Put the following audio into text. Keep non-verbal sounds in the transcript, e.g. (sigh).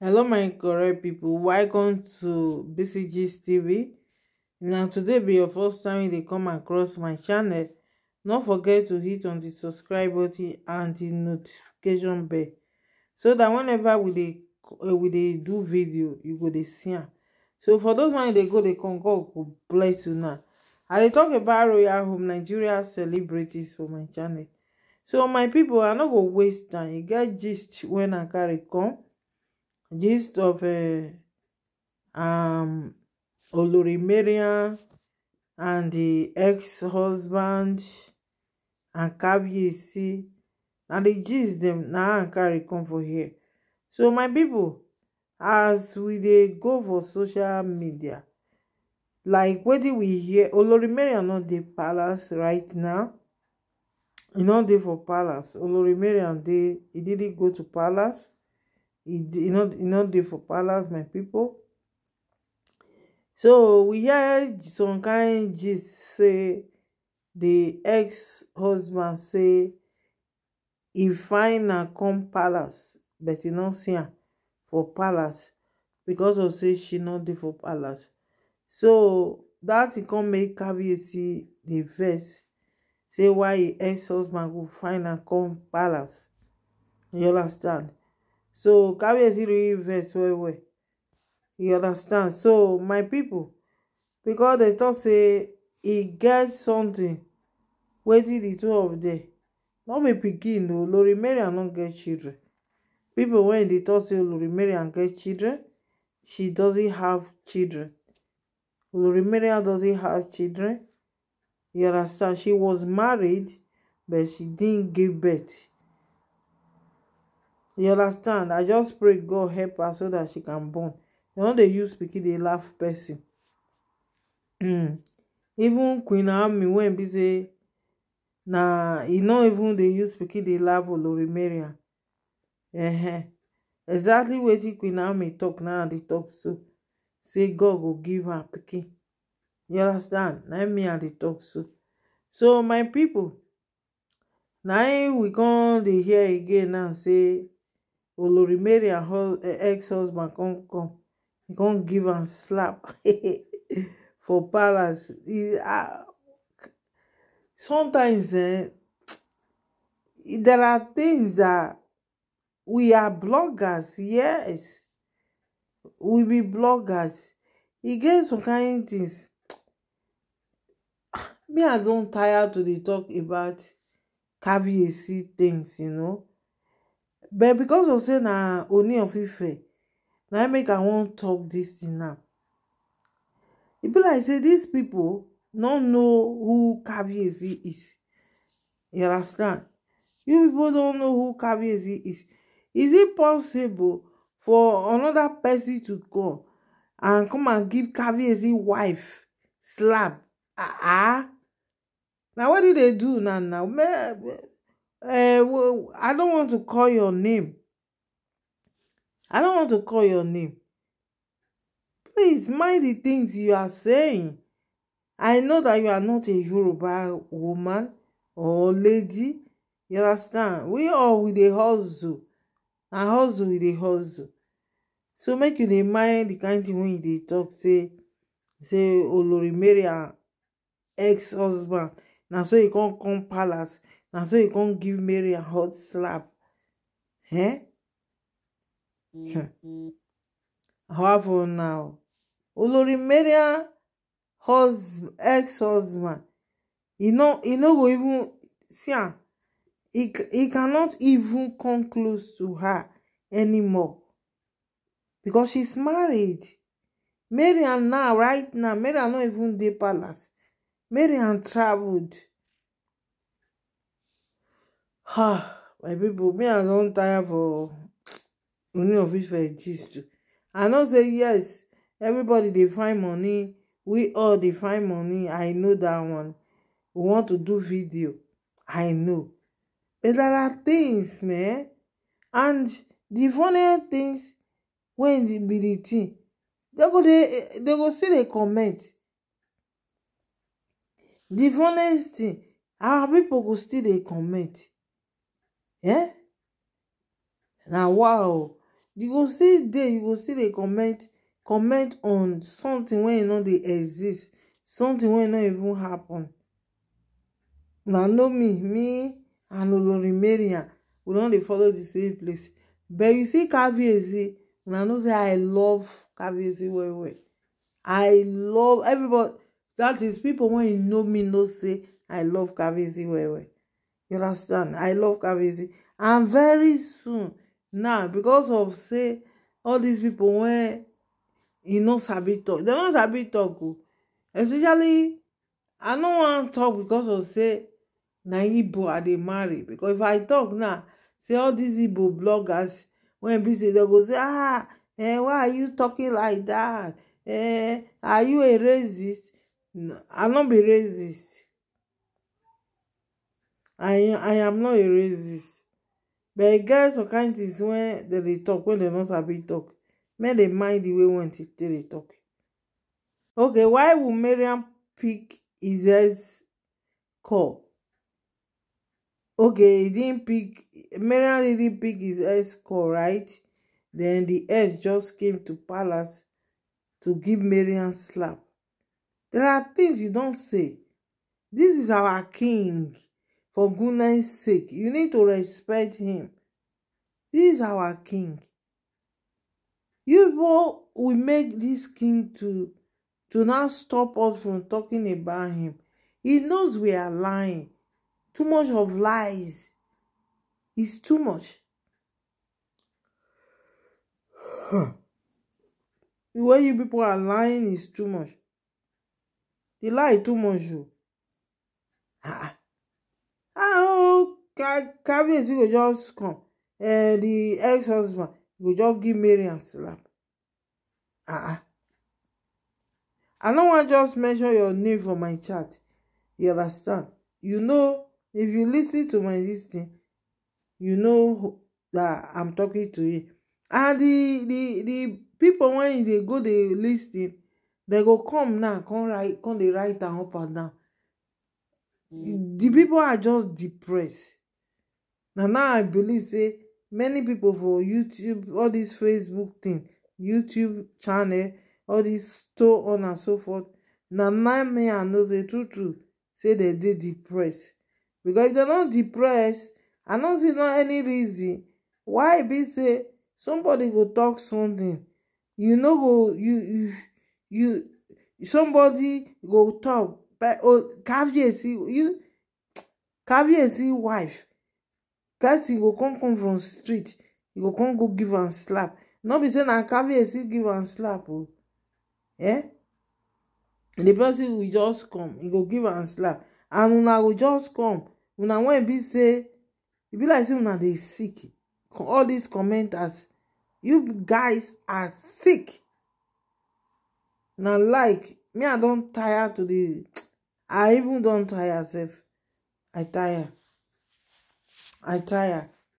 hello my correct people. welcome to bc tv Now, today be your first time they come across my channel Don't forget to hit on the subscribe button and the notification bell so that whenever eh, we dey do video you go dey see am so for those one they go they come god go bless you now i dey tok about royal home nigeria celebrities for my channel so my pipo i no go waste time You get gist when i carry come gist of uh, um, Olori Mariam and the ex-husband and Kabiyesi now the gist them now and carry come for here so my people, as we they go for social media like wetin we hear Olori Mariam no dey palace right now e no dey for palace Olori Mariam dey e didn't go to palace e no dey for palace my pipo so we hear some kind gist say the ex husband say e find am come palace but e no see am for palace because of say she no dey for palace so that e come make caviarcy dey vex say why e ex husband go find am come palace you understand so kabiyesi really vex well well you understand so my people, because they tok say he get something wetin the two of them? Not be pikin o lori mariam no get children People when they tok say lori mariam get children she doesn't have children lori mariam doesn't have children you understand she was married but she didn't give birth you understand i just pray god help her so that she can born no dey use pikin dey laugh person hmm. even queen army wey be say na e no even dey use pikin dey laugh olori -huh. exactly wetin queen army talk now dey talk so say god go give her pikin you understand na me i dey talk so. so my pipo na we con dey hear again now say. olori mary and eh, ex husband come come he come give and slap (laughs) for palace ah, sometimes eh, there are things that we are bloggers yes we be bloggers He get some kind of things me i don't tire to the talk about caviarcy e things you know but because of say na Ooni of Ife na im make i wan talk dis thing now e be like say dis people no know who Kabiyesi is you understand you people don know who Kabiyesi is is it possible for another person to come and come and give Kabiyesi wife slap ah ah na wetin they do now now uh, eh, well, I don't want to call your name. I don't want to call your name. Please mind the things you are saying. I know that you are not a Yoruba woman or lady. You understand? We all with a hustle. a hustle with a hustle. So make you the mind the kind thing wey you talk say say Olori marry ex-husband. now so e come come palace na so e kon give mary a hot slap. Eh? Hmm. however now olori maria exhusband e no go even see am e cannot even come close to her anymore becos she's married. maria now right now maria no even dey palace maria travelled. ah my pipo me i don tire for money of ife gist i know say yes everybody they find money we all they find money i know that one we want to do video i know but there are things man and the funny things when wey be di thing they go see the comment The funniest thing our pipo go see the comment Yeah. Now, wow you go see dey you go see dey comment comment on something when wey know e they exist something wey e no even happen Now, no me me and olori mariam we don't dey follow the same place but you see kabiyesi una know say i love kabiyesi well well i love everybody that is people when wey know me know say i love kabiyesi well well you understand i love Kavizi, and very soon now because of say all these people where you know, sabi tok dem no sabi tok o oh. especially i no wan talk because of say na igbo i dey marry becos if i talk now say all these igbo bloggers when busy they go say ah eh why are you talking like that eh are you a racist i no be racist i i am not a racist but guys get some kind Is when they dey talk when they no sabi talk make they mind the way when they they talk okay why would Mariam pick Izzat's call okay he didn't pick Mariam didn't pick his Izzat's call right then the ex just came to palace to give Mariam slap there are things you don't say this is our king for goodness sake you need to respect him this is our king you people will make this king to to now stop us from talking about him he knows we are lying too much of lies is too much the way you people are lying is too much the lie too much o oh. ah, ah no kabiyesi go just come uh, the ex-husband go just give Mariam slap uh-uh. i no wan just mention your name for my chat you understand you know if you listen to my this you know that i'm talking to you and the the the people when they go the listing, they go come now come write come dey write down up and down The people are just depressed na now i believe say many people for youtube all this facebook thing youtube channel all this store on and so forth Now, now me i know say true true say they they depressed because if dem no depressed i no see not any reason why be say somebody go talk something you know go you you you somebody go talk oh, kábíyèsí kábíyèsí wife person go come come from street you go come go give am slap no be say na kábíyèsí give am slap o eh the person will just come he go give am slap and una go just come una wen e be say e be like say una dey sick all these commenters you guys are sick na like me i don tire to dey. The... I even don't tire Self, I tire. I tire.